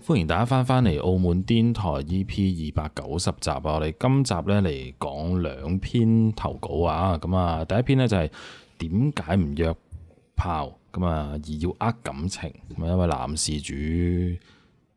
歡迎大家翻返嚟澳門電台 EP 二百九十集啊！我哋今集咧嚟講兩篇投稿啊，咁啊第一篇呢就係點解唔約炮咁啊而要呃感情，咁啊一位男事主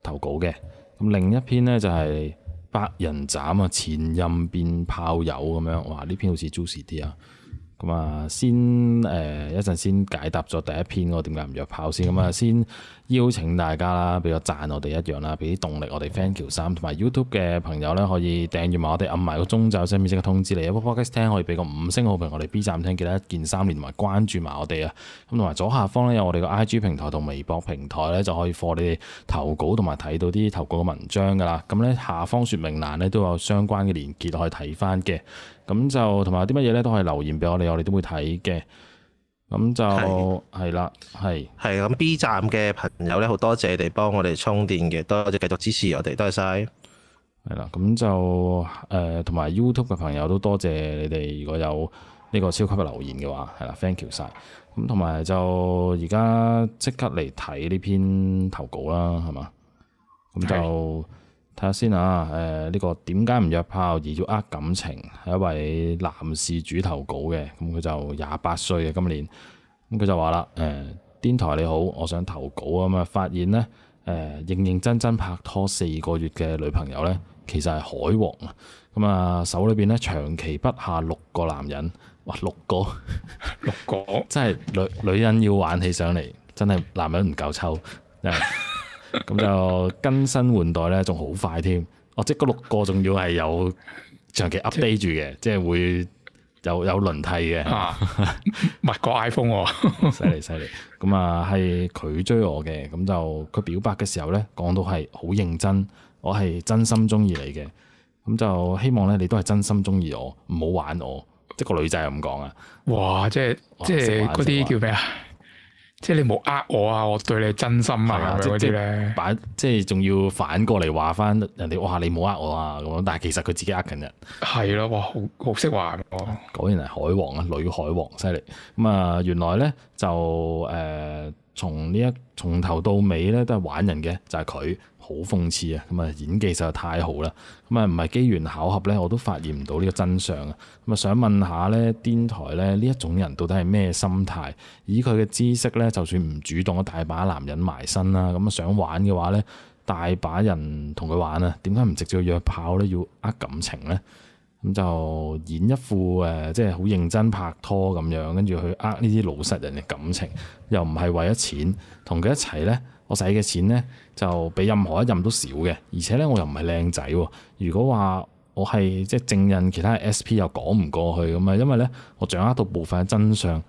投稿嘅。咁另一篇呢就係百人斬啊，前任變炮友咁樣，哇！呢篇好似 juicy 啲啊～咁啊，先誒一陣先解答咗第一篇，我點解唔約炮先？咁啊，先邀請大家啦，俾個讚我哋一樣啦，俾啲動力我哋 fan k y 喬三同埋 YouTube you 嘅朋友咧，可以訂閱埋我哋，按埋個鐘就先面先嘅通知你。如果 Podcast 聽可以俾個五星好評，我哋 B 站聽記得一鍵三連埋關注埋我哋啊！咁同埋左下方咧有我哋個 IG 平台同微博平台咧，就可以放你哋投稿同埋睇到啲投稿嘅文章噶啦。咁咧下方說明欄咧都有相關嘅連結可以睇翻嘅。咁就同埋啲乜嘢咧，都可以留言俾我哋，我哋都會睇嘅。咁就係啦，係係咁 B 站嘅朋友咧，好多謝你哋幫我哋充電嘅，多謝繼續支持我哋，多謝晒。係啦，咁就誒，同埋 YouTube 嘅朋友都多謝你哋，如果有呢個超級嘅留言嘅話，係啦，thank you 晒。咁同埋就而家即刻嚟睇呢篇投稿啦，係嘛？咁就。睇下先啊，誒呢、呃這個點解唔約炮而要呃感情？係一位男事主投稿嘅，咁、嗯、佢就廿八歲嘅今年，咁、嗯、佢就話啦，誒、呃，癲台你好，我想投稿啊嘛、嗯，發現呢，誒、呃、認認真真拍拖四個月嘅女朋友呢，其實係海王啊，咁、嗯、啊手裏邊呢，長期不下六個男人，哇，六個六個， 六個真係女女人要玩起上嚟，真係男人唔夠抽。 咁就更新換代咧，仲好快添。哦，即嗰六個仲要係有長期 update 住嘅，即係會有有輪替嘅。唔係個 iPhone，犀利犀利。咁啊，係佢、 啊、 追我嘅，咁就佢表白嘅時候咧，講到係好認真，我係真心中意你嘅。咁就希望咧，你都係真心中意我，唔好玩我。即係個女仔咁講啊。哇！即係、哦、即係嗰啲叫咩啊？即係你冇呃我啊！我對你真心啊，啲咧、啊，反即係仲要反過嚟話翻人哋哇！你冇呃我啊咁，但係其實佢自己呃緊人，係咯、啊，哇，好好識話、啊，果然係海王啊，女海王犀利咁啊！嗯、原來咧就誒，從呢一從頭到尾咧都係玩人嘅，就係、是、佢。好諷刺啊！咁啊演技實在太好啦！咁啊唔係機緣巧合咧，我都發現唔到呢個真相啊！咁啊想問下咧，癲台咧呢一種人到底係咩心態？以佢嘅知識咧，就算唔主動，一大把男人埋身啦，咁啊想玩嘅話咧，大把人同佢玩啊！點解唔直接約炮咧？要呃感情咧？咁就演一副誒，即係好認真拍拖咁樣，跟住去呃呢啲老實人嘅感情，又唔係為咗錢，同佢一齊咧。我使嘅錢呢，就比任何一任都少嘅，而且呢，我又唔係靚仔。如果話我係即係正印，其他 S.P 又講唔過去咁啊！因為呢，我掌握到部分嘅真相，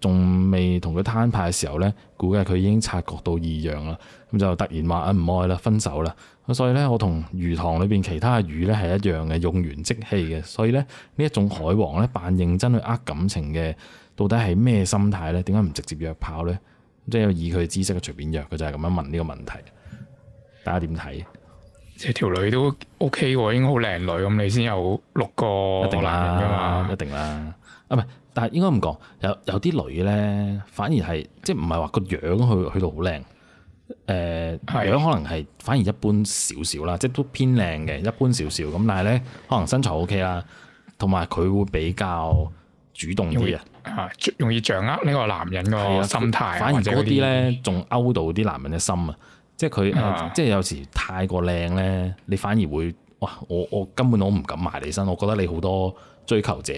仲未同佢攤牌嘅時候呢，估計佢已經察覺到異樣啦，咁就突然話啊唔愛啦，分手啦。咁所以呢，我同魚塘裏邊其他嘅魚呢係一樣嘅，用完即棄嘅。所以呢，呢一種海王呢，扮認真去呃感情嘅，到底係咩心態呢？點解唔直接約炮呢？即係以佢知識嘅隨便約，佢就係咁樣問呢個問題。大家點睇？即條女都 OK 喎，應該好靚女咁，你先有六個，一定啦，一定啦。啊，唔係，但係應該咁講，有有啲女咧，反而係即係唔係話個樣去去到好靚。誒、呃，是樣可能係反而一般少少啦，即係都偏靚嘅，一般少少咁。但係咧，可能身材 OK 啦，同埋佢會比較主動啲啊。啊、容易掌握呢個男人嘅心態、啊，反而多啲咧，仲勾到啲男人嘅心啊，啊！即係佢，即係有時太過靚咧，你反而會哇！我我根本我唔敢埋你身，我覺得你好多追求者，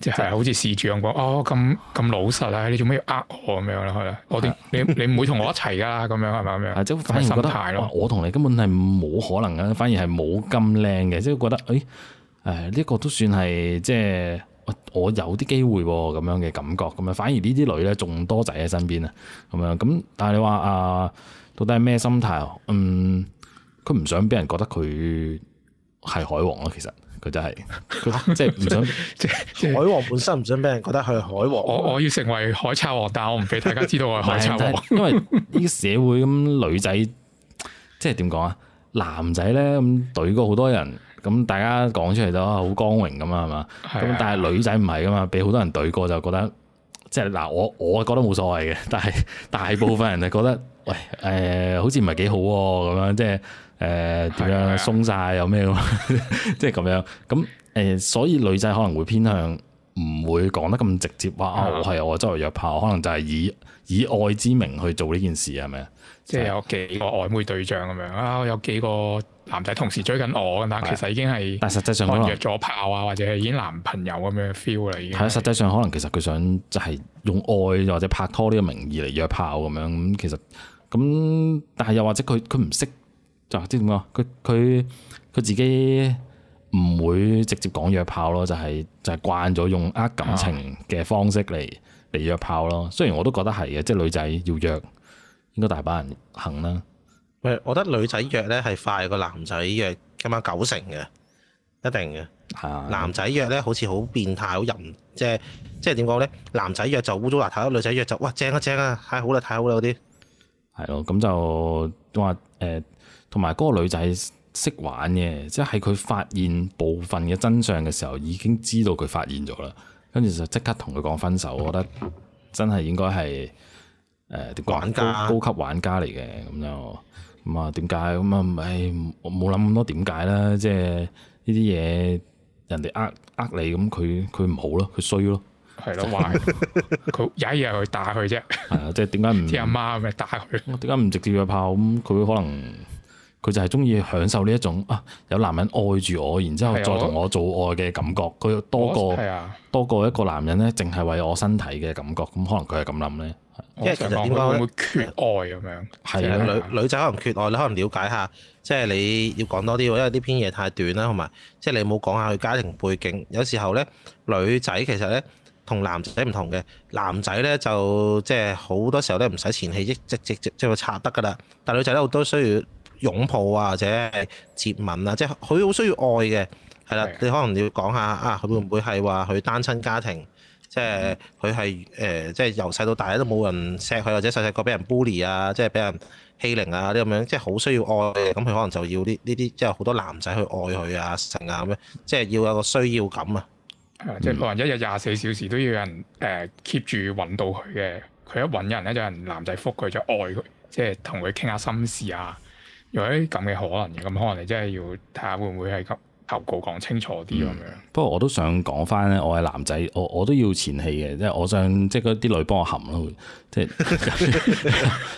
即係好似試將噉哦，咁咁老實啊！你做咩要呃我咁樣啦？啊、我啲你你唔會同我一齊噶咁樣係咪？咁樣、啊、即係反而覺得咯我同你根本係冇可能啊。」反而係冇咁靚嘅，即係覺得誒，誒呢、這個都算係即係。即我有啲機會喎、啊，咁樣嘅感覺，咁啊反而呢啲女咧仲多仔喺身邊啊，咁樣咁，但係你話啊，到底係咩心態啊？嗯，佢唔想俾人覺得佢係海王咯，其實佢就係，即係唔想即係 海王本身唔想俾人覺得佢係海王。 我我要成為海賊王，但係我唔俾大家知道我係海賊王， 因為呢啲社會咁女仔即係點講啊？男仔咧咁懟過好多人。咁大家講出嚟都好光榮咁嘛，係是、啊、嘛？咁但係女仔唔係噶嘛，俾好多人懟過就覺得，即係嗱，我我覺得冇所謂嘅，但係大部分人係覺得， 喂，誒、呃，好似唔係幾好喎、啊，咁樣即係誒點樣鬆晒？有咩咁，即係咁樣。咁誒、呃，所以女仔可能會偏向唔會講得咁直接，話是、啊、我係我周圍約炮，可能就係以以愛之名去做呢件事係咪啊？就是、即係有幾個曖昧對象咁樣啊，有幾個。男仔同時追緊我，嗱，其實已經係，但實際上可能約咗炮啊，或者已經男朋友咁樣 feel 啦，已經係啊。實際上可能其實佢想就係用愛或者拍拖呢個名義嚟約炮咁樣。咁其實咁，但係又或者佢佢唔識就即點講，佢佢佢自己唔會直接講約炮咯，就係、係、就係、係、慣咗用呃感情嘅方式嚟嚟、啊、約炮咯。雖然我都覺得係嘅，即係女仔要約應該大把人行啦。我覺得女仔約呢係快過男仔約，咁啊九成嘅一定嘅。係啊男仔約呢好似好變態，好淫，即係即係點講呢？男仔約就污糟邋遢，女仔約就哇正啊正啊，係、啊、好嘞，係好嘞嗰啲。係咯，咁就話誒，同埋嗰個女仔識玩嘅，即係佢發現部分嘅真相嘅時候，已經知道佢發現咗啦，跟住就即刻同佢講分手。我覺得真係應該係誒、呃、玩家高級玩家嚟嘅咁樣。咁啊，點解、嗯？咁啊，唔係我冇諗咁多點解啦。即係呢啲嘢人哋呃呃你，咁佢佢唔好咯，佢衰咯，係咯，壞。佢有一日去打佢啫。係啊，即係點解唔？啲阿媽咪打佢。點解唔直接去炮咁？佢、嗯、可能？佢就係中意享受呢一種啊，有男人愛住我，然之後再同我做愛嘅感覺，佢的多過多過一個男人呢，淨係為我身體嘅感覺。咁可能佢係咁諗呢？因為其實點解會缺愛咁樣？係的的女女仔可能缺愛，你可能了解下，即係你要講多啲喎，因為呢篇嘢太短啦，同埋即係你冇講下佢家庭背景。有時候呢，女仔其實呢，同男仔唔同嘅，男仔呢，就即係好多時候都唔使前戲，即即即即會插得噶啦。但女仔呢，好多需要。擁抱啊，或者接吻啊，即係佢好需要愛嘅，係啦。的你可能要講下啊，佢會唔會係話佢單親家庭，即係佢係誒，即係由細到大都冇人錫佢，或者細細個俾人 bully 啊，即係俾人欺凌啊，呢咁樣，即係好需要愛嘅。咁佢可能就要啲呢啲，即係好多男仔去愛佢啊，成啊咁樣，即係要有個需要感啊。的嗯、即係可能一日廿四小時都要有人誒 keep 住揾到佢嘅。佢一揾人咧，就有人男仔覆佢，就愛佢，即係同佢傾下心事啊。咁嘅、欸、可能嘅，咁可能你真係要睇下會唔會係及投稿講清楚啲咁樣。不過我都想講翻咧，我係男仔，我我都要前戲嘅，即係我想即係嗰啲女幫我含咯，即係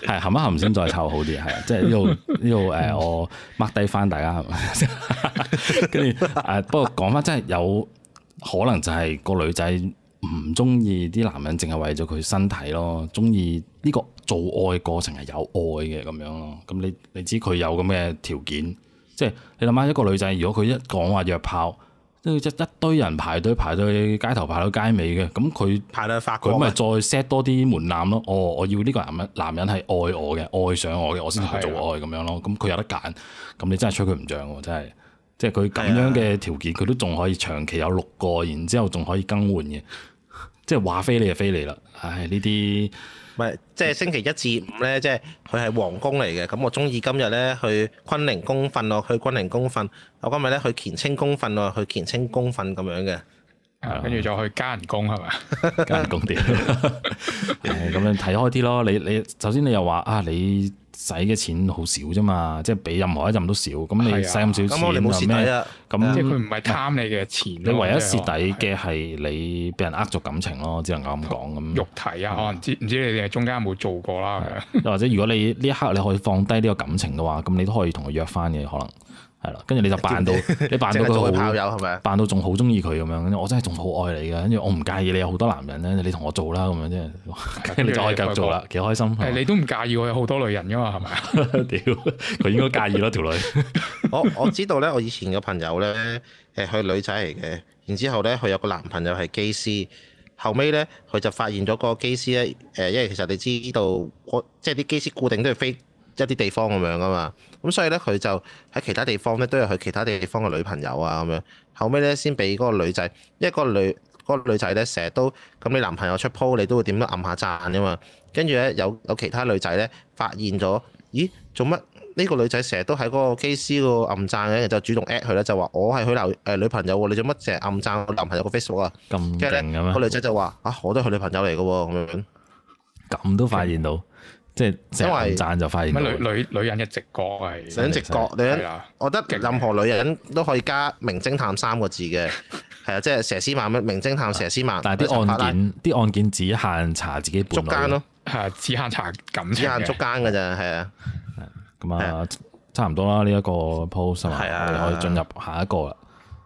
係含一含先再湊好啲，係啊，即係呢度呢度誒我抹低翻大家，跟住誒，不過講翻真係有可能就係個女仔唔中意啲男人，淨係為咗佢身體咯，中意呢個。做愛過程係有愛嘅咁樣咯，咁你你知佢有咁嘅條件，即係你諗下一個女仔，如果佢一講話約炮，即係一堆人排隊排到街頭排到街尾嘅，咁佢排到發光，佢咪再 set 多啲門檻咯？哦，我要呢個男人男人係愛我嘅，愛上我嘅，我先去做愛咁是、啊、樣咯。咁佢有得揀，咁你真係吹佢唔漲喎，真係，即係佢咁樣嘅條件，佢是、啊、都仲可以長期有六個，然之後仲可以更換嘅，即係話飛你就飛你啦。唉，呢啲～唔即係星期一至五咧，即係佢係皇宮嚟嘅。咁我中意今日咧去坤寧宮瞓咯，去坤寧宮瞓。我今日咧去乾清宮瞓咯，去乾清宮瞓咁樣嘅。跟住、啊、再去加人工係咪？ 加人工啲。咁、 嗯、樣睇開啲咯。你你首先你又話啊，你。使嘅錢好少啫嘛，即係比任何一任都少。咁你使咁少錢冇咩？咁即係佢唔係貪你嘅錢。你唯一蝕底嘅係你俾人呃咗感情咯，啊、只能夠咁講咁。肉體啊，可能、啊、知唔知你哋中間有冇做過啦？又或者如果你呢一刻你可以放低呢個感情嘅話，咁你都可以同佢約返嘅可能。係啦，跟住你就扮到，你扮 到佢好，扮到仲好中意佢咁樣。我真係仲好愛你嘅，跟住我唔介意你有好多男人咧，你同我做啦咁樣啫。跟 住 你就可以繼續做啦，幾開心。誒， 你都唔介意我有好多女人噶嘛？係咪啊？屌，佢應該介意咯條 女。 我我知道咧，我以前嘅朋友咧，誒，佢女仔嚟嘅。然之後咧，佢有個男朋友係機師，後尾咧，佢就發現咗個機師咧，誒，因為其實你知呢度，即係啲機師固定都係飛。一啲地方咁樣啊嘛，咁所以咧佢就喺其他地方咧都有佢其他地方嘅女朋友啊咁樣，後尾咧先俾嗰個女仔，因為嗰女嗰個女仔咧成日都咁你男朋友出 po 你都會點都暗下讚噶嘛，跟住咧有有其他女仔咧發現咗，咦做乜呢個女仔成日都喺嗰個機師嗰個暗讚嘅，就主動 at 佢咧就話我係佢留誒女朋友喎，你做乜成日暗讚我男朋友個 Facebook 啊？咁勁咁啊，個女仔就話啊我都係佢女朋友嚟噶喎咁樣，咁都發現到。即係因為讚就發現，女女女人嘅直覺係想直覺，女人，我覺得任何女人都可以加名偵探三個字嘅。係啊，即係佘詩曼乜名偵探佘詩曼，但係啲案件啲案件只限查自己本篤間咯，係只限查感情，只限捉姦嘅啫，係啊，咁啊差唔多啦，呢一個 post 啊，我哋可以進入下一個啦，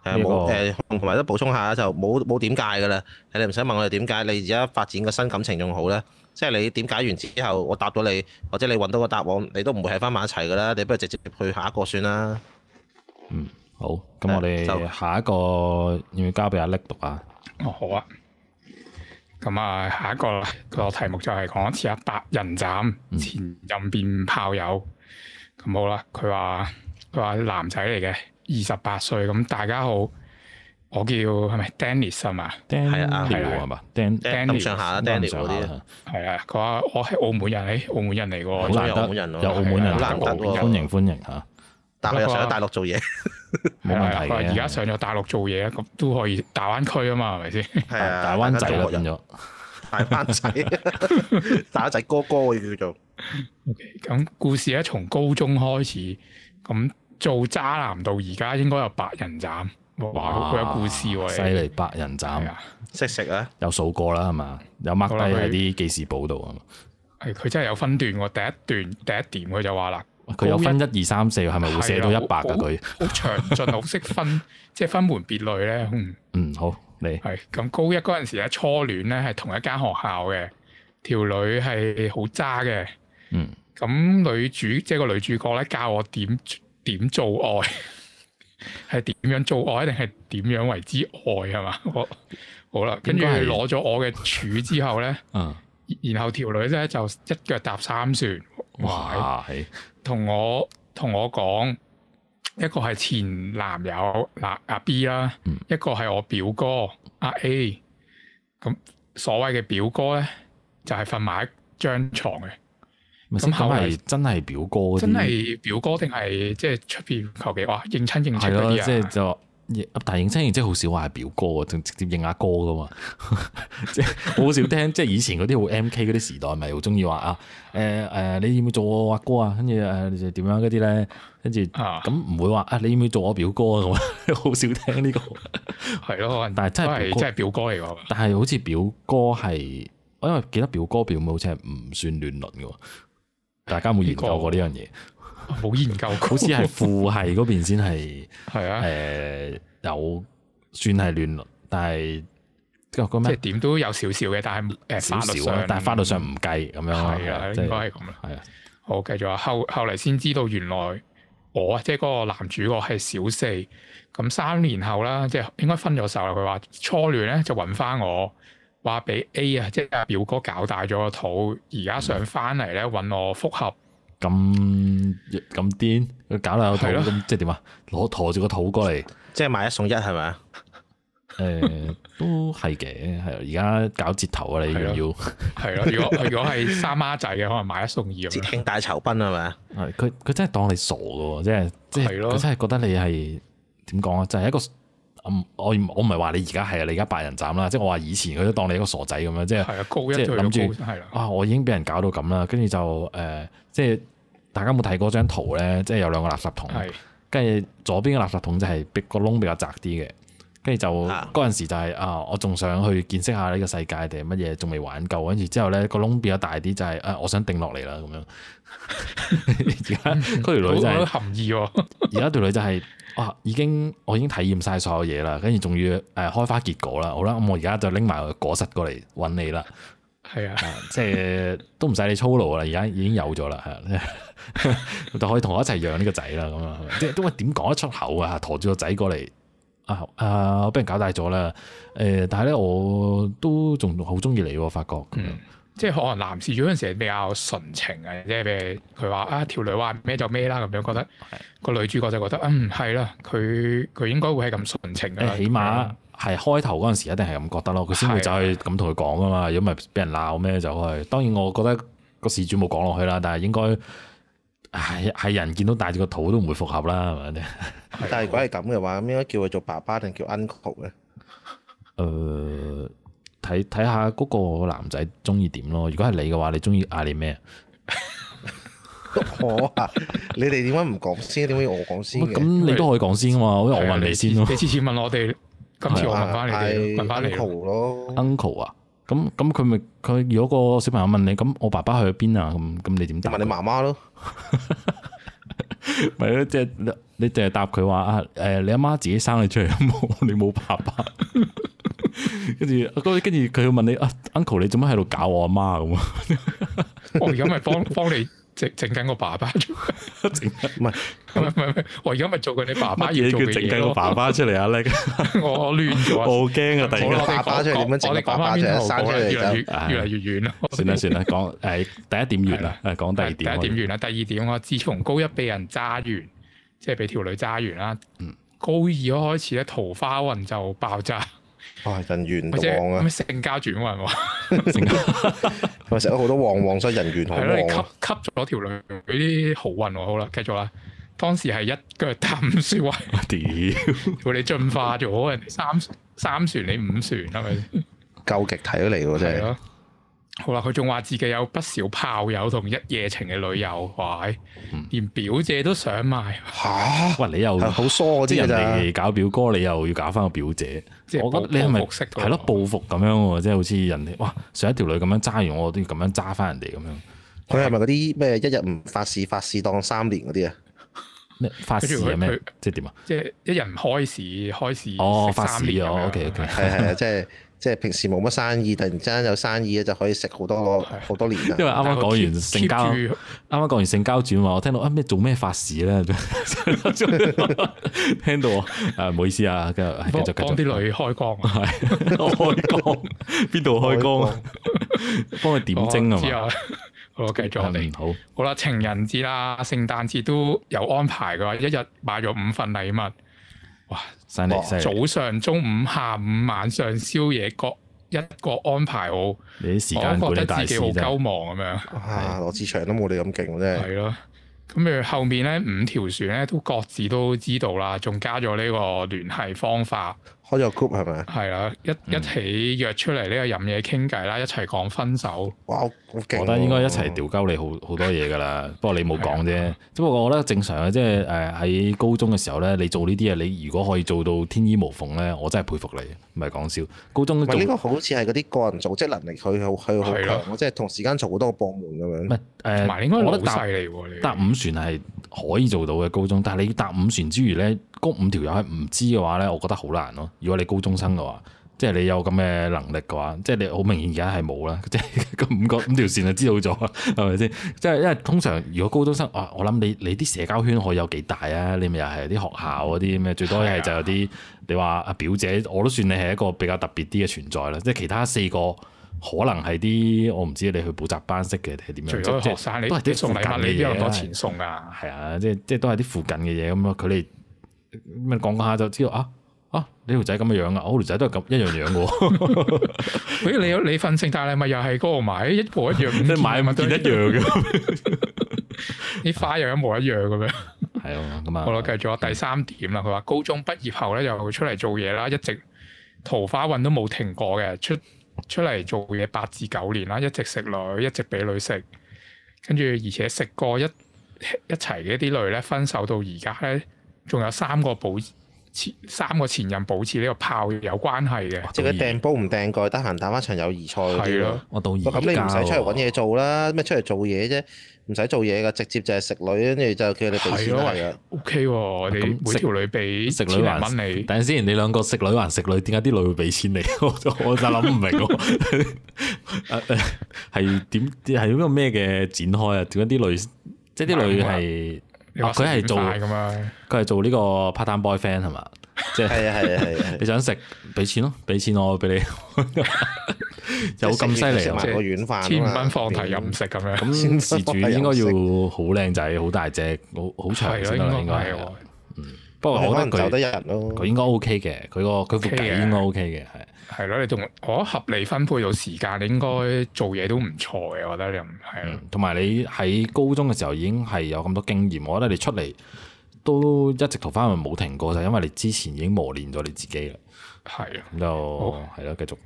誒冇誒，同埋都補充下就冇冇點解㗎啦，你唔使問我哋點解，你而家發展個新感情仲好咧。即係你點解完之後，我答到你，或者你揾到個答案，你都唔會係翻埋一齊噶啦。你不如直接去下一個算啦。嗯，好。咁我哋就下一個、嗯、要，要交俾阿 n i 讀啊、哦？好啊。咁、嗯、啊，下一個一個題目就係講一次一剎人斬前任變炮友。咁、嗯嗯嗯、好啦、啊，佢話佢話男仔嚟嘅，二十八歲。咁、嗯、大家好。我叫係咪 Dennis 啊嘛，Dennis 啊嘛 Dennis 上下啊 Dennis 啲係啊。佢話我係澳門人，誒澳門人嚟㗎。有澳門人，有澳門人啦，歡迎歡迎嚇，但係又上咗大陸做嘢，冇問題啊。而家上咗大陸做嘢咁都可以大灣區啊嘛，係咪先？係啊，大灣仔咯，大灣仔，大仔哥哥要叫做。咁故事咧，從高中開始，咁做渣男到而家，應該有百人斬。哇！佢有故事喎，犀利百人斬啊！識食啊？有數過啦，係嘛？有 mark 低喺啲記事簿度啊？係佢真係有分段喎，第一段第一點佢就話啦，佢有分一二三四，係咪會寫到一百噶？佢好詳盡，好識分，即係分門別類咧。嗯，好，你係咁高一嗰陣時咧，初戀咧係同一間學校嘅，條女係好渣嘅。嗯，咁女主即係個女主角咧教我點點做愛。係點樣做愛，定係點樣為之愛係嘛？ 好啦了，跟住攞咗我嘅柱之後咧，嗯， 啊、然後條女咧就一腳踏三船，哇，同我同 我講，一個係前男友嗱阿 B 啦，嗯、一個係我表哥阿 A，咁所謂嘅表哥咧就係瞓埋一張床嘅。咁係真係表哥？真係表哥定係即係出邊求其話，認親認姐啲即係就，但係認親認姐好少話係表哥，仲直接認阿哥噶嘛？即係好少聽，即係以前嗰啲好 M K 嗰啲時代，咪好中意話啊誒誒，你要唔要做我阿哥啊？跟住誒，你點樣嗰啲咧？跟住啊，咁唔會話啊，你要唔要，、啊啊啊、要，要做我表哥啊？咁啊，好少聽呢、這個，係咯。但係真係真係表哥嚟噶。 但係好似表哥係，哥 我因為記得表哥表妹好似係唔算亂倫噶。大家冇研究過呢樣嘢，冇研究好似係富係嗰邊先係，係啊，誒、呃、有算係亂倫，但係、那個、即係點都有少少嘅，但係誒法律上，但、呃、係小小法律上唔計咁樣，係啊，就是、應該係咁啊，係啊，好，繼續啊。後後嚟先知道原來我即係嗰個男主角係小四，咁三年後啦，即係應該分咗手啦。佢話初戀咧就揾翻我。話俾 A 啊，即係阿表哥搞大咗，嗯嗯、個肚，而家想翻嚟咧揾我復合，咁咁癲，佢搞大個肚咁，即係點啊？攞陀住個肚過嚟，即係買一送一係咪？誒、欸，都係嘅，係啊，而家搞折頭啊！你仲要係咯？如果如果係三孖仔嘅，可能買一送二，結親大酬賓係咪啊？係佢佢真係當你傻噶，即係的即係佢真係覺得你係點講啊？就係一個。我我唔係話你而家係你而家百人斬啦即係我話以前佢都當你一個傻仔咁樣，即係高一。諗住啊，我已經俾人搞到咁啦，跟住就誒，即係大家冇睇過張圖咧，即係有兩個垃圾桶，跟住左邊嘅垃圾桶就係個窿比較窄啲嘅，跟住就嗰陣時就係啊，我仲想去見識下呢個世界定乜嘢仲未玩夠，跟住之後咧個窿比較大啲，就係誒，我想定落嚟啦咁樣。而家，而家條女就係含義。而家條女就係。哇、啊！已經我已經體驗晒所有嘢啦，跟住仲要誒開花結果啦，好啦，咁、嗯、我而家就拎埋個果實過嚟揾你啦，係是啊，啊，即係都唔使你操勞啦，而家已經有咗啦，啊、 就可以同我一齊養呢個仔啦，咁啊，即係都係點講得出口啊？馱住個仔過嚟啊啊！我俾人搞大咗啦，誒、呃，但係咧我都仲好中意你，發覺。嗯即係可能男事主嗰陣時比較純情啊，即係譬如佢話啊條女話咩就咩啦，咁樣覺得個的女主角就覺得嗯係啦，佢佢應該會係咁純情嘅。起碼係開頭嗰陣時一定係咁覺得咯，佢先會走去咁同佢講啊嘛，如果唔係俾人鬧咩就去。當然我覺得個事主冇講落去啦，但係應該係係人見到帶住個肚都唔會復合啦，係咪？但係如果係咁嘅話，咁應該叫佢做爸爸定叫 uncle 咧？誒、 呃。睇睇下嗰個男仔中意點咯。如果係你嘅話，你中意嗌你咩？我啊，你哋點解唔講先？點解要我講先？咁你都可以講先啊嘛，因為我問你先咯。你次次問我哋，今次我問翻你哋，問翻你 Uncle 咯。Uncle 啊，咁咁佢咪佢如果個小朋友問你，咁我爸爸去咗邊啊？咁咁你點答？問你媽媽咯。咪咯， 即係你淨係答佢話啊，誒、呃，你阿媽自己生你出嚟，冇 你冇有爸爸， 跟住阿哥，跟住佢要問你啊，uncle 你做乜喺度搞我阿媽咁啊？我而家咪幫幫你。整整緊我爸爸，整唔係唔係唔係，我而家咪做緊你爸爸要做嘅嘢。你叫整緊我爸爸出嚟啊！叻，我亂咗，我驚啊！突然間爸爸出嚟，點樣整爸爸就散咗嚟，越嚟越越嚟越遠咯。算啦算啦，講誒第一點完啦，誒講第二點。第一點完啦，第二點，我自從高一被人揸完，即係俾條女揸完啦，高二開始咧，桃花運就爆炸。哇、哦！人緣旺啊，咩性交轉運喎？我食咗好多旺旺所以人緣好旺，吸吸咗條女嗰啲好運喎。好啦，繼續啦。當時係一腳踏五船喎。屌，你進化咗啊！ 三三船你五船係咪？究 極體嚟喎真係。 好啦，佢仲話自己有不少炮友同一夜情嘅女友，係咪？連表姐都想賣吓？喂，你又好疏，即係人哋搞表哥，你又要搞翻個表姐？即係我覺得你係咪係咯報復咁樣？即係好似人哋哇上一條女咁樣揸完，我都要咁樣揸翻人哋咁樣。佢係咪嗰啲咩一日唔發事發事當三年嗰啲啊？咩發事咩即係點啊？即係一日唔開事，開事哦發事哦。O K O K，係係即係。即係平時冇乜生意，突然之間有生意咧，就可以食好多好、嗯、多年啊！因為啱啱講完性交，啱啱講完性交轉啊！我聽到啊咩做咩法事咧， 聽到啊唔好意思啊，繼續我繼幫啲續女開光啊！開光邊度開光？開光啊、光 幫佢點睛啊吧好，繼續嚟、嗯。好，好啦，情人節啦，聖誕節都有安排嘅一日買咗五份禮物。哇！厲害，早上、中午、下午、晚上、宵夜各，各一個安排我。你啲時間管理大師啫。我覺得自己好鳩忙咁樣。啊，羅志祥都冇你咁勁啫。係咯，咁然後，後面咧，五條船咧都各自都知道啦，仲加咗呢個聯繫方法。開個 group 係咪？係啦，一一起約出嚟呢個飲嘢傾偈啦，一齊講分手。哇，好勁、啊！我覺得應該一齊調交你好好多嘢㗎啦。 不過你冇講啫。的只不過我覺得正常啊，即係誒喺高中嘅時候咧，你做呢啲嘢，你如果可以做到天衣無縫咧，我真係佩服你，唔係講笑。高中唔係好似係嗰啲個人組織能力，佢去去好強，我即係同時間做好多個部門咁樣。唔係誒，同埋、呃、應該我覺得搭你的搭五船係可以做到嘅高中，但係你搭五船之餘咧。五條友係唔知嘅話咧，我覺得好難咯、啊。如果你高中生嘅話，即係你有咁嘅能力嘅話，即係你好明顯而家係冇啦。即係咁五個五條線就知道咗，係咪先？即係因為通常如果高中生，啊，我諗你你啲社交圈可以有幾大啊？你咪又係啲學校嗰啲咩？最多一係就有啲你話阿表姐，我都算你係一個比較特別啲嘅存在啦。即係其他四個可能係啲我唔知你去補習班識嘅定係點樣？除咗學生，是你都係啲送禮你邊有多錢送啊？係啊，即係即係都係啲附近嘅嘢咁咯。佢哋，咪講講下就知道啊，啊，呢條仔咁嘅樣啊，啊樣我條仔都係咁一樣樣喎。誒， 你你份聖誕禮物又係嗰個買一模一樣，即係買嘅物都一樣嘅。啲花又一模一樣咁樣。係啊，咁啊。好啦繼續第三點啦。佢話高中畢業後咧，又出嚟做嘢啦，一直桃花運都冇停過嘅。出出嚟做嘢八至九年啦，一直食女，一直俾女食，跟住而且食過一一齊嘅啲女咧，分手到而家咧。仲有三個保持三個前任保持呢個炮有關係嘅，即係佢掟煲唔掟蓋，得閒打翻場友誼賽係咯。我討厭。咁你唔使出嚟揾嘢做啦，咩出嚟做嘢啫？唔使做嘢噶，直接就係食女，跟住就叫你俾錢你。係咯。O K 喎，你每條女俾錢還你。等陣先，你兩個食女還食女，點解啲女會俾錢你？我我就諗唔明。誒誒，係點？係咁個咩嘅展開啊？點解啲女即係啲女係？佢係做咁啊！佢係做呢個 part-time boy friend 係嘛？即係係啊係啊！ 你想食，俾錢咯，俾錢我俾你。有咁犀利啊！即係千五蚊放題任食咁樣。咁事主應該要好靚仔、好大隻、好好長啦，應該係不過覺、OK、可能走得人咯，佢應該 OK 嘅，佢個佢副計應該 OK 嘅，係。係咯，你同我合理分配到時間，你、嗯、應該做嘢都唔錯嘅，我覺得你係。同埋、嗯、你喺高中嘅時候已經係有咁多經驗，我覺得你出嚟都一直逃翻去，冇停過，就係、因為你之前已經磨練咗你自己啦。係啊的，咁就係咯，繼的好續。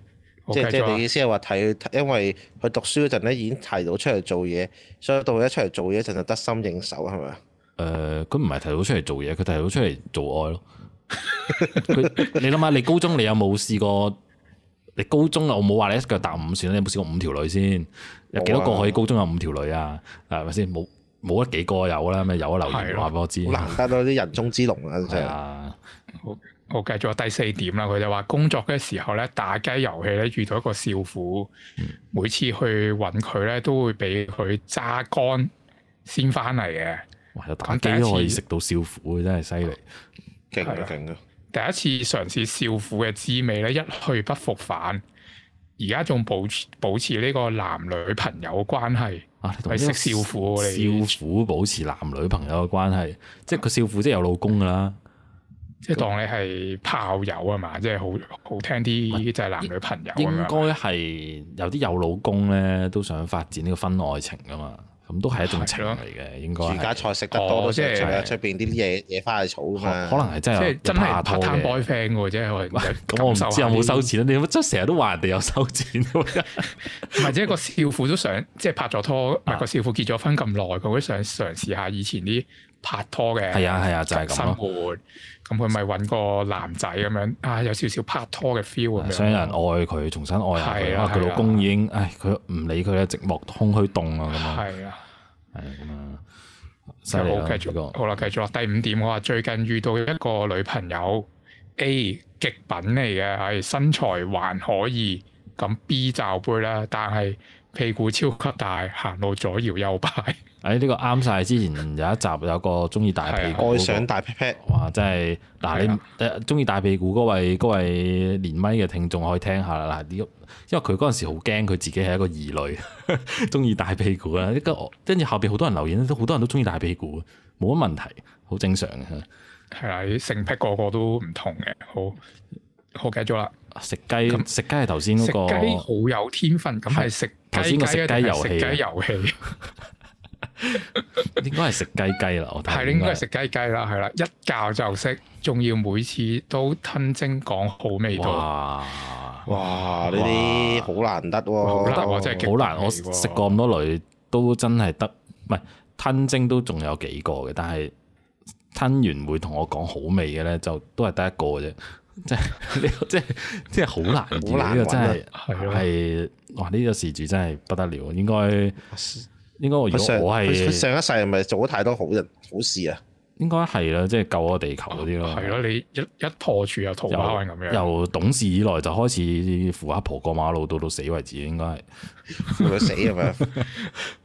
即即 okay, 你意思係話睇，因為佢讀書嗰陣咧已經提到出嚟做嘢，所以到一出嚟做嘢嗰陣就得心應手，係咪啊？誒，佢唔係提早出嚟做嘢，佢提早出嚟做愛咯。 佢，你諗下，你高中你有冇試過？你高中啊，我冇話你一腳踏五船啦，你有冇試過五條女先？有幾多個可以高中有五條女啊？係咪先？冇冇得幾個有啦？咪有咗留言話俾我知，難得到啲人中之龍啊，真係啊 的！好，我繼續第四點啦。佢就話工作嘅時候咧，打機遊戲咧遇到一個少婦，嗯、每次去搵佢咧都會俾佢揸乾先翻嚟嘅。哇！打機都可以食到少婦，真係犀利，勁啊勁啊！第一次嘗試少婦嘅滋味咧，一去不復返。而家仲保持保持呢個男女朋友關係，係識少婦，少婦保持男女朋友嘅關係，嗯、即係個少婦即係有老公㗎啦。即係當你係炮友啊嘛，即係好好聽啲，即係男女朋友。應該係有啲有老公咧，都想發展呢個婚外情㗎嘛。咁都係一種情嚟嘅，應該。住家菜食得多，即係出邊啲嘢野花嘅草，可能係真係真係拍拖嘅。拍拖 boyfriend 嘅喎，真係我係。咁我唔知有冇收錢，你真係成日都話人哋有收錢？或者個少婦都想即係拍咗拖，唔係，個少婦結咗婚咁耐，佢會想嘗試下以前啲拍拖嘅。係啊係啊，就係咁咯。咁佢咪揾個男仔咁樣啊，有少少拍拖嘅 feel，、啊、想有人愛佢，重新愛下佢。佢老、啊、公已經唉，佢唔理佢咧，寂寞空虛凍啊咁。係啊，係啊，咁啊，犀利啊！好，繼續、講、好啦，繼續啦。第五點，我話最近遇到一個女朋友 A，極品嚟嘅，係身材還可以，咁 B 罩杯啦，但係屁股超級大，行路左搖右擺。呢、哎這個啱晒，之前有一集有一個中意大，、那個、大屁股，愛上大屁屁，哇！真係嗱，你中意的大屁股嗰位嗰位連麥嘅聽眾可以聽下啦。嗱，因為因為佢嗰陣時好驚佢自己係一個疑慮，中 意大屁股啦。跟住後邊好多人留言都好多人都中意大屁股，冇乜問題，好正常嘅。係啦，食屁個個都唔同嘅，好我 g e 啦。食雞食雞係頭先嗰個，食雞好有天分，咁係食頭先個食雞遊戲。 應該係食雞雞啦，我睇係的應該係食雞雞啦，係啦，一教就識，仲要每次都吞精講好味道，哇哇呢啲好難得喎、啊，真係好、啊、難，我食過咁多女都真係得，唔係吞精都仲有幾個嘅，但係吞完會同我講好味嘅咧，就都係得一個嘅啫，即係即係即係好難，呢個真係係的的哇呢個事主真係不得了，應該。 應該我我係佢上一世係咪做咗太多好人好事啊？應該係啦，即係救咗地球嗰啲咯。係咯，你一一托柱又逃下位咁樣，由懂事以來就開始扶阿婆、婆過馬路到到死為止應該 死，應該係。到死啊嘛！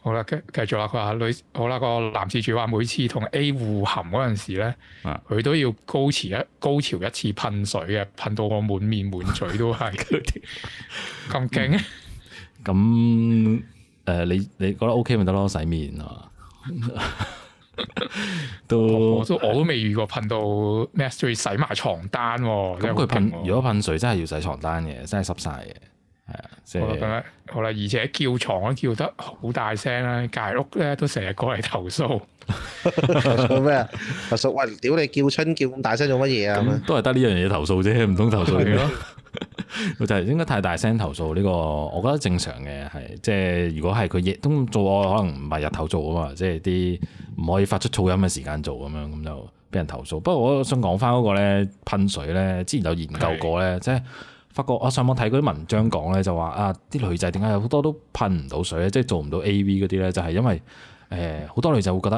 好啦，繼繼續啦。佢話女好啦，個男事主話每次同 A 互含嗰陣時咧，佢都要高潮一高潮一次噴水嘅，噴到我滿面滿嘴都係嗰啲咁勁。咁。 嗯嗯嗯誒，你你覺得 OK 咪得咯？洗面啊， 都 我都我都未遇過噴到 mess 洗埋床單。咁佢噴，如果噴水真係要洗床單嘅，真係濕晒嘅，係啊。好啦，好啦，而且叫床都叫得好大聲啦，隔籬屋咧都成日過嚟投訴。做咩啊？阿叔，喂，屌你叫春叫咁大聲做乜嘢啊？咁、嗯嗯、都係得呢樣嘢投訴啫，唔通 投訴咩？ 就係 應該太大聲投訴呢個，我覺得正常嘅係，即係如果係佢亦都做可能唔係日頭做啊嘛，即係啲唔可以發出噪音嘅時間做咁樣，咁就俾人投訴。不過我想講翻嗰個咧，噴水咧，之前有研究過咧，是即係發覺我上網睇嗰啲文章講咧，就話啊，啲女仔點解有好多都噴唔到水咧，即係做唔到 A V 嗰啲咧，就係、是、因為誒好、呃、多女仔會覺得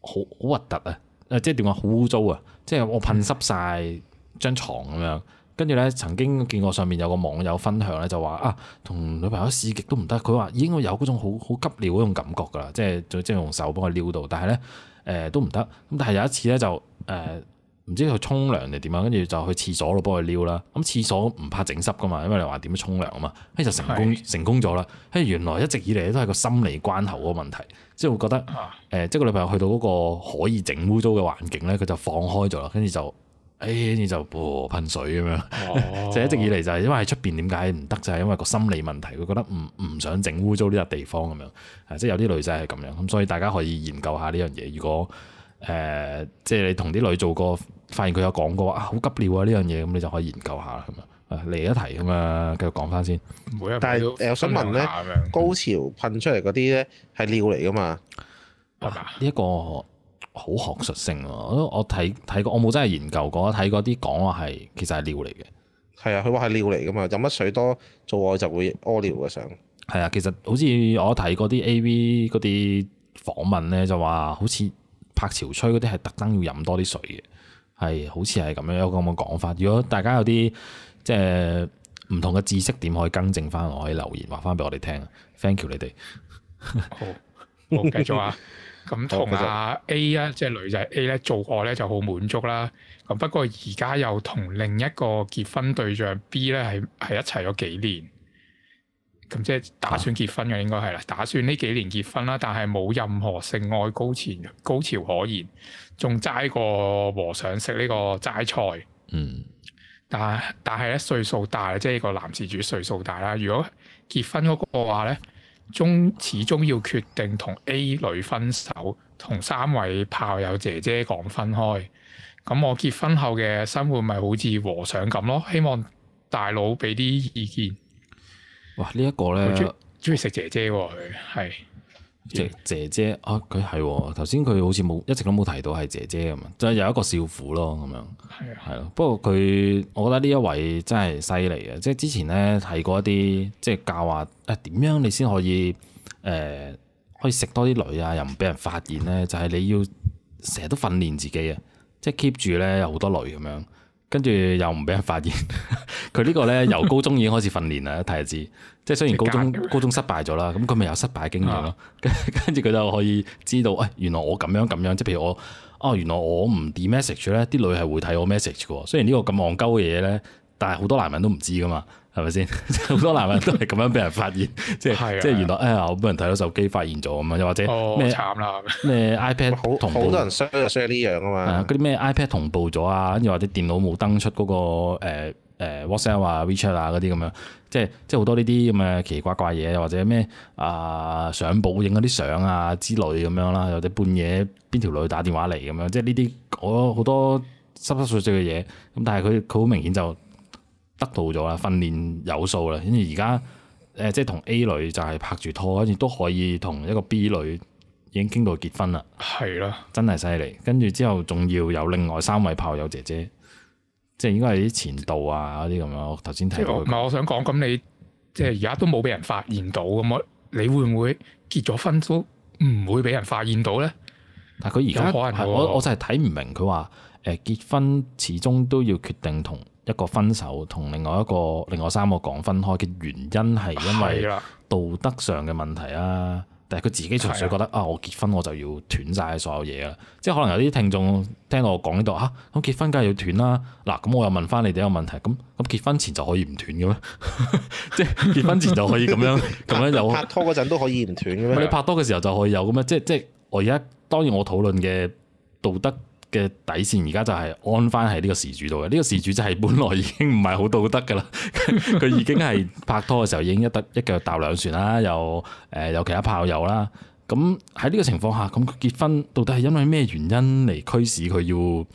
好好核突啊，即係點講好污糟啊，即係我噴濕晒張床咁樣。跟住咧，曾經見過上面有個網友分享咧，就話啊，同女朋友試極都唔得。佢話已經有嗰種好好急尿嗰種感覺㗎啦，即係即係用手幫佢撩到。但係咧，誒、呃、都唔得。咁但係有一次咧，就誒唔知佢沖涼定點啊，跟住就去廁所度幫佢撩啦。咁、嗯、廁所唔怕整濕㗎嘛，因為你話點樣沖涼啊嘛，跟住就成功是成功咗啦。跟住原來一直以嚟都係個心理關頭個問題，即係會覺得誒、呃，即係個女朋友去到嗰個可以整污糟嘅環境咧，佢就放開咗啦，跟住就。哎，你就噃噴水咁樣，就 一直以嚟就係因為喺出邊點解唔得就係、是、因為個心理問題，佢覺得唔唔想整污糟呢笪地方咁樣，啊、即係有啲女仔係咁樣，咁所以大家可以研究下呢樣嘢。如果誒、呃，即係你同啲女做過，發現佢有講過啊，好急尿啊呢樣嘢，咁你就可以研究下係咪嚟一題咁啊，繼續講翻先。但係我想問咧，高潮噴出嚟嗰啲咧係尿嚟噶嘛？呢、這、一個。好學術性咯，我睇睇過，我冇真係研究過，睇嗰啲講話係其實係尿嚟嘅。係啊，佢話係尿嚟嘅嘛，飲乜水多做愛就會屙尿嘅相。係啊，其實好似我睇過啲 A.V. 嗰啲訪問咧，就話好似拍潮吹嗰啲係特登要飲多啲水嘅，係好似係咁樣有個咁嘅講法。如果大家有啲即係唔同嘅知識點，可以更正翻，我可以留言話翻俾我哋聽。Thank you 你哋。 好，我繼續啊。 咁同阿 A 啊，即係女仔 A 咧做愛咧就好滿足啦。咁不過而家又同另一個結婚對象 B 咧係係一齊咗幾年，咁即係打算結婚嘅應該係啦，啊、打算呢幾年結婚啦，但係冇任何性愛高潮高潮可言，仲齋過和尚食呢個齋菜。嗯，但係但係咧歲數大，即係個男事主歲數大啦。如果結婚嗰個話咧？終始終要決定同 A 女分手，同三位炮友姐姐講分開。咁我結婚後嘅生活咪好似和尚咁咯？希望大佬俾啲意見。哇！這個、呢一個咧，鍾鍾意食姐姐喎、啊，佢係。姐姐啊，佢係，頭先佢好似冇一直都冇提到係姐姐咁啊，就是，有一個少婦咯咁樣，係啊的，係咯。不過佢，我覺得呢一位真係犀利啊！即之前咧睇過一啲，即教話誒點樣你先可以誒、呃、可以食多啲女啊，又唔俾人發現咧，就係、是、你要成日都訓練自己啊，即 keep 住咧有好多女咁樣。跟住又唔俾人發現，佢 呢個咧由高中已經開始訓練啦，一睇就知。即係雖然高中高中失敗咗啦，咁佢咪有失敗經驗咯。跟跟住佢就可以知道，誒、哎、原來我咁樣咁樣。即譬如我，啊、哦、原來我唔啲 message 咧，啲女係會睇我 message 嘅。雖然呢個咁戇鳩嘅嘢咧，但係好多男人都唔知噶嘛。係咪先？好 多男人都係咁樣俾人發現， 是啊、即係即係原來，哎呀，我俾人睇到手機發現咗咁啊！又或者咩、哦、慘啦？咩 iPad 好好多人 search search 呢樣啊嘛？嗰啲咩 iPad 同步咗啊？跟住或者電腦冇登出嗰、那個誒、呃呃、WhatsApp 啊、WeChat 啊嗰啲咁樣，即係即係好多呢啲咁嘅奇奇怪怪嘢，或者咩啊相簿影嗰啲相啊之類咁樣啦，或者半夜邊條女打電話嚟咁樣，即係呢啲我好多濕濕碎碎嘅嘢，咁但係佢佢好明顯就。得到咗啦，訓練有素啦，跟住而家誒，即係同 A 女就係拍住拖，跟住都可以同一個 B 女已經傾到結婚啦。係咯，真係犀利。跟住之後仲要有另外三位炮友姐姐，即係應該係啲前度啊嗰啲咁樣。我頭先睇到，唔係，我我想講，咁你即係而家都冇俾人發現到咁，我你會唔會結咗婚都唔會俾人發現到咧？但係佢而家可能係我我真係睇唔明佢話誒結婚始終都要決定同。一個分手同另外一個另外三個講分開嘅原因係因為道德上嘅問題啊。的但係佢自己純粹覺得的啊，我結婚我就要斷晒所有嘢啦，即係可能有啲聽眾聽到我講呢度嚇，咁、啊、結婚梗係要斷啦，嗱、啊、咁我又問翻你哋一個問題，咁咁結婚前就可以唔斷嘅咩？ 即係結婚前就可以咁樣咁 樣有 拍拖嗰陣都可以唔斷嘅咩？ 你拍拖嘅時候就可以有咁嘅咩？即係即係我而家當然我討論嘅道，道德。嘅底線而家就係安翻喺呢個事主度嘅，呢個事主就係本來已經唔係好道德噶啦，佢已經係拍拖嘅時候已經一得一腳踏兩船啦，又誒、呃、有其他炮友啦。咁喺呢個情況下，咁佢結婚到底係因為咩原因嚟驅使佢要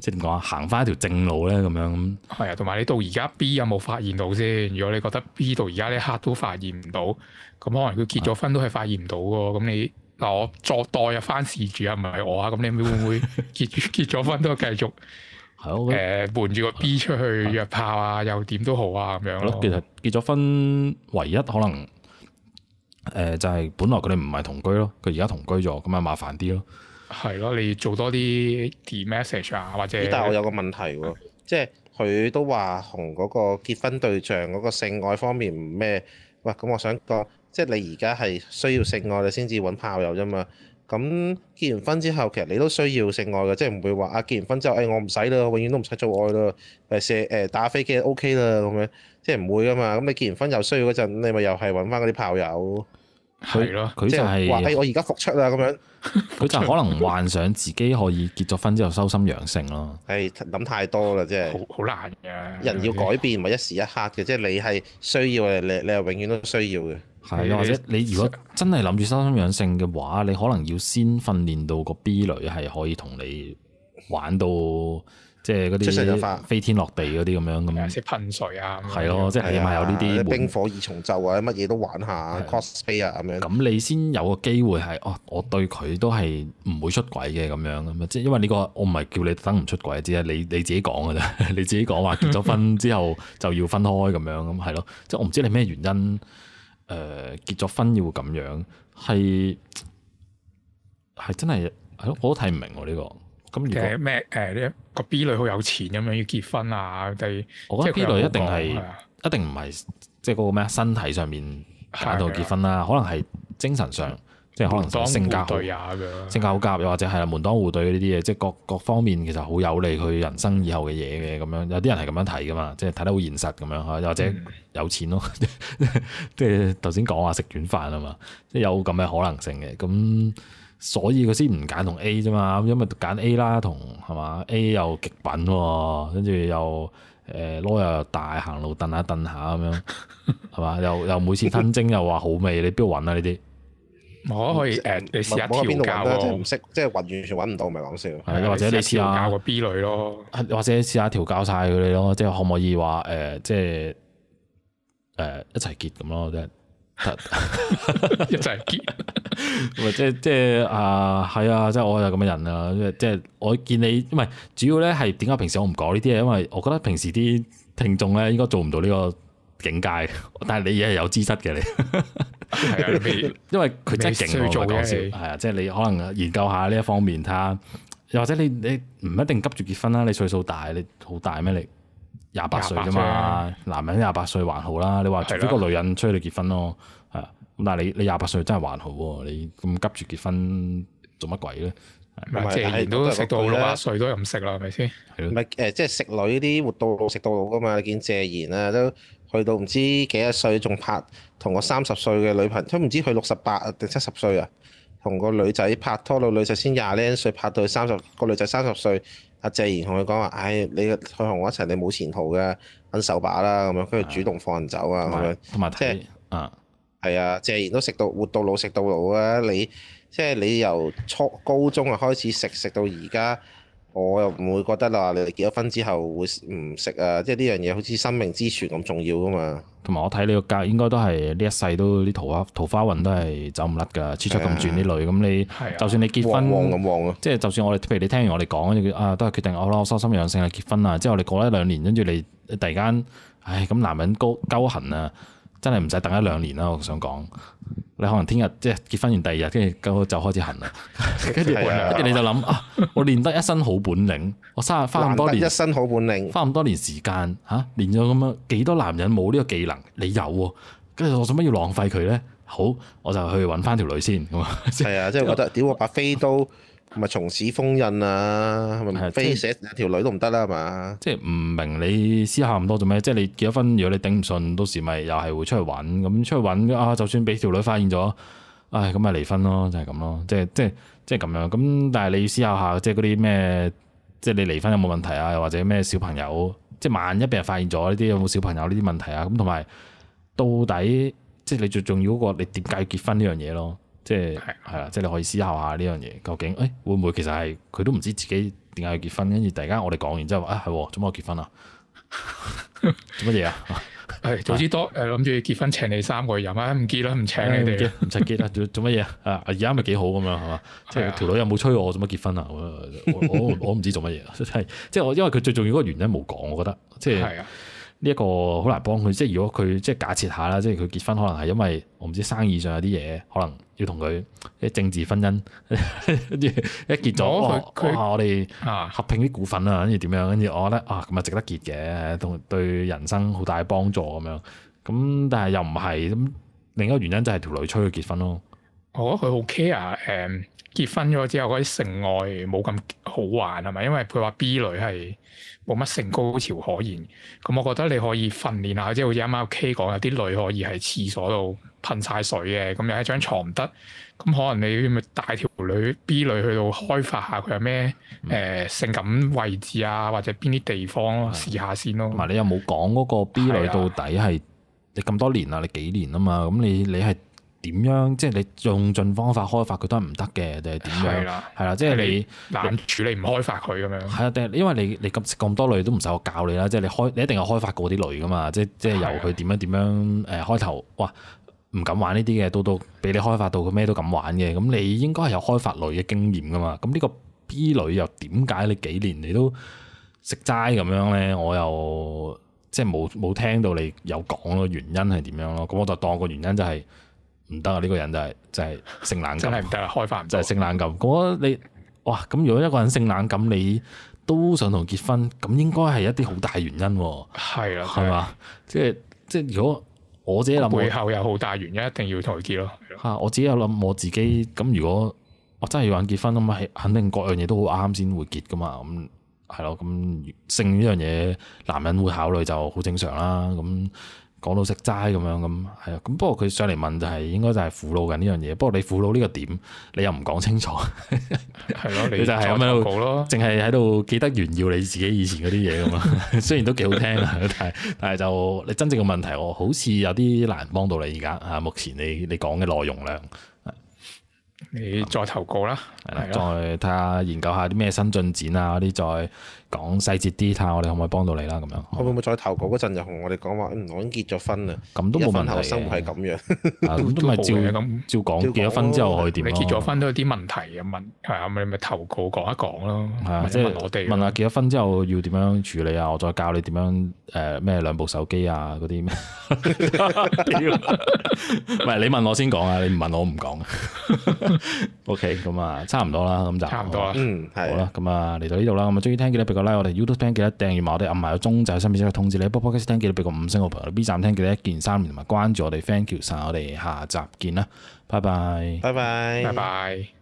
即係點講啊？行翻一條正路咧，咁樣咁。係啊，同埋你到而家 B 有冇發現到先？如果你覺得 B 到而家呢刻都發現唔到，咁可能佢結咗婚都係發現唔到喎。咁你。但我作代又翻事主啊，唔係我啊，咁你會唔會結 結咗婚都繼續係我誒瞞住個 B 出去約炮啊，又點都好啊咁樣咯。其實 結咗婚唯一可能誒、呃、就係、是、本來佢哋唔係同居咯，佢而家同居咗，咁啊麻煩啲咯。係咯、 嗯，你做多啲 d m e s s a g e 啊，或者。但係我有個問題喎， 即係佢都話同嗰個結婚對象嗰個性愛方面唔咩？喂，咁我想講。即係你而家係需要性愛，你先至揾炮友啫嘛。咁結完婚之後，其實你都需要性愛嘅，即係唔會話啊，結完婚之後，誒、哎、我唔使啦，永遠都唔使做愛啦，誒射誒打飛機 OK 啦咁樣，即係唔會噶嘛。咁你結完婚又需要嗰陣，你咪又係揾返嗰啲炮友。係咯，佢他的就係話誒，我而家復出啦咁樣。佢 出了 就可能幻想自己可以結咗婚之後修心養性咯。係諗太多啦，即係好好難嘅。人要改變唔係一時一刻嘅，即係你係需要嘅，你你又永遠都需要嘅。係或者你如果真係諗住修心養性嘅話，你可能要先訓練到個 B 女係可以同你玩到。即係嗰啲飛天落地嗰啲咁樣，咁識的樣噴水啊，係咯的，即係咪的有呢啲冰火二重奏啊，乜嘢都玩下 cosplay 啊咁樣。咁你先有個機會係哦，我對佢都係唔會出軌嘅咁樣咁啊，即係因為呢個我唔係叫你等唔出軌啫，只係你你自己講嘅啫，你自己講話 結咗婚之後就要分開咁 樣咁係咯，即係我唔知你咩原因誒、呃、結咗婚要咁樣，係係真係係咯，我都睇唔明喎呢、呢個。咁而係咩？誒，呢、呃呢個 B 女好有錢咁樣要結婚啊！我覺得 B 女一定係、啊、一定唔係即係嗰個咩身體上面揀到結婚啦、啊，可能係精神上，即係可能性格好，對性格好夾又或者係門當戶對呢啲嘢，即係各各方面其實好有利佢人生以後嘅嘢嘅咁樣。有啲人係咁樣睇噶嘛，即係睇得好現實咁樣嚇，又或者有錢咯。即係頭先講話食軟飯啊嘛，即係有咁嘅可能性嘅咁。所以佢先唔揀同 A 啫嘛，咁因為揀 A 啦，同係嘛 A 又極品，跟住又誒攞、呃、又大，行路蹬下蹬下咁樣，係嘛？ 又又每次吞精又話好味，你邊度揾啊呢啲？我可以誒不，你試下調教喎、啊，即係唔識，即係完全揾唔到，咪講笑。係，或者你試下教個 B 類咯，或者試下調教晒佢哋咯，即係可唔可以話誒、呃，即係誒、呃、一齊結咁咯，即係。一齊結，或者即係啊，係啊，即係我有咁嘅人啊。即係我見你唔係主要咧，係點解平時我唔講呢啲嘢？因為我覺得平時啲聽眾咧應該做唔到呢個境界，但係你亦係有資質嘅你，係啊，因為佢真係勁喎講笑，係啊，即係你可能研究下呢一方面，睇下又或者你你唔一定急住結婚啦，你歲數大，你好大咩你？廿八歲啫嘛，歲男人廿八歲還好啦。你話除非個女人催你結婚咯，係咁的，但係你你廿八歲真係還好喎，你咁急住結婚做乜鬼咧？唔係，謝賢都食到啦，六十八歲都咁食啦，係咪先？係咯。唔係誒，即係食女啲活到老食到老噶嘛。你見謝賢啊，都去到唔知幾多歲仲拍同個三十歲嘅女朋友，都唔知佢六十八定七十歲啊。同個女仔拍拖到女仔先廿零歲，拍到三十個女仔三十歲。阿、啊、謝賢同佢講話，唉、哎，你佢同我一齊，你冇前途嘅，分手把啦咁樣，佢主動放人走啊咁樣，同埋即係，係、就是、啊,啊，謝賢都食到活到老食到老啊，你即係、就是、你由初高中啊開始食食到而家。我又唔會覺得啦，你哋結咗婚之後會唔食啊？即係呢樣嘢好似生命之泉咁重要噶嘛。同埋我睇你個格，應該都係呢一世都啲桃，桃花桃花運都係走唔甩噶，支、哎、呀出咁轉呢類咁你，啊、就算你結婚，咁旺咯。即係就，就算我哋，譬如你聽完我哋講啊，都係決定、啊、我收心養性啊，結婚啊。之後你過一兩年，跟住你突然間，唉、哎，咁男人高鳩痕啊。真係唔使等一兩年啦，我想講，你可能聽日即係結婚完第二日，跟住就開始痕啦，跟住你就諗 啊，我練得一身好本領，我生日花咁多年，一身好本領，花咁多年時間嚇練咗咁樣，幾多男人冇呢個技能，你有喎、啊，跟住我做乜要浪費佢呢？好，我就去揾翻條女先咁啊！係啊、 嗯，即係覺得屌 我把飛刀。咪從此封印啊！飛寫條即女都唔得啦，係嘛？即係唔明你思考咁多做咩？即係你結咗婚，如果你頂唔順，到時咪又係會出去揾咁出去揾啊！就算俾條女發現咗，唉，咁咪離婚咯，就係、是、咁咯，即係即係即係咁樣。咁但係你要思考下，即係嗰啲咩？即係你離婚有冇問題啊？又或者咩小朋友？即係萬一俾人發現咗呢啲，有冇小朋友呢啲問題啊？咁同埋到底即係你最重要嗰個，你點解要結婚呢樣嘢咯？即係係啦，的的即係你可以思考下呢樣嘢，究竟誒、欸、會唔會其實係佢都唔知自己點解要結婚，跟住突然間我哋講完之後話啊係，做、哎、乜、哎、結婚啊？做乜嘢啊？係、 哎、早知多誒諗住結婚請你三個人啊，唔結啦，唔請你哋，唔使結啦，做乜嘢啊？而家咪幾好咁樣係嘛？即係條女有冇催我做乜結婚啊？我我唔知做乜嘢，即係即係我因為佢最重要嗰個原因冇講，我覺得即係。的呢一個好難幫佢，即係如果佢即係假設下啦，即係佢結婚可能係因為我唔知生意上有啲嘢，可能要同佢啲政治婚姻， 一結咗佢話，我哋合併啲股份啊，跟住點樣？跟住我覺得啊，咁啊值得結嘅，同對人生好大幫助咁樣。咁但係又唔係咁，另一個原因就係條女催佢結婚咯。我覺得佢好 care 誒，結婚咗之後嗰啲性愛冇咁好玩係咪？因為佢話 B 女係。冇乜性高潮可言，咁我覺得你可以訓練下，即係好似啱啱 K 講有啲女可以喺廁所度噴晒水嘅，咁又喺張牀唔得，咁可能你咪帶條女 B 女去到開發下佢有咩誒、嗯呃、性感位置啊，或者邊啲地方咯、啊，試的下先咯。唔係你又冇講嗰個 B 女到底係的你咁多年啦，你幾年啊嘛，咁你你係。點樣？即係你用盡方法開發佢都係唔得嘅，定係點樣？係啦的，的即係你難處理唔開發佢咁樣。係啊，定係因為你你咁食咁多女都唔使我教你啦，即係你開你一定係開發過啲女噶嘛，即即係由佢點樣點樣誒、呃、開頭，哇唔敢玩呢啲嘅，到到俾你開發到佢咩都敢玩嘅，咁你應該係有開發女嘅經驗噶嘛？咁呢個 B 女又點解你幾年你都食齋咁樣咧？我又即係冇冇聽到你有講咯，原因係點樣咯？咁我就當個原因就係、是。唔得啊！呢個人就係就係性冷感， 真係唔得啊！開飯唔得，係性冷感。我 你哇咁，如果一個人性冷感，你都想同佢結婚，咁應該係一啲好大原因。係啊，係嘛？即係即係，如果我自己諗背後有好大原因，一定要同佢結咯。嚇，我自己有諗我自己。咁如果我真係要揾結婚咁啊，肯定各樣嘢都好啱先會結噶嘛。咁係咯，咁性呢樣嘢男人會考慮就好正常啦。咁。講到食齋咁樣咁，係啊，咁不過佢上嚟問就係、係、應該就係苦惱緊呢樣嘢，不過你苦惱呢個點，你又唔講清楚，係 咯，你就係咁樣咯，淨係喺度記得炫耀你自己以前嗰啲嘢咁嘛，雖然都幾好聽 但係但係就你真正嘅問題，我好似有啲難幫到你而家啊，目前你你講嘅內容量，你再投稿啦，係啦，再睇下研究下啲咩新進展啊，啲再。講細節啲，睇下我哋可唔可以幫到你啦？咁樣可唔可再投稿嗰陣，又同我哋講話？唔，我已經結咗婚啦，咁都冇問題生活係咁樣，咁都咪照咁照講。結咗婚之後可以點？結咗婚都有啲問題問，係咪咪投稿講一講咯？係啊，即係問我哋問下結咗婚之後要點樣處理啊？我再教你點樣誒咩兩部手機啊嗰啲咩？唔係你問我先講啊！你唔問我唔講。OK，咁啊，差唔多啦，咁就差唔多啦。嗯，好啦，咁啊嚟到呢度啦，咁啊鍾意聽見你 Like、我哋 YouTube 聽記得訂閱埋我哋，暗埋個鐘仔身邊先可以通知你。Podcast 聽記得俾個五星好朋友，B 站聽記得一鍵三連同埋關注我哋 Thank you 晒。 Thank you, 我哋下集見啦，拜拜，拜拜，拜拜。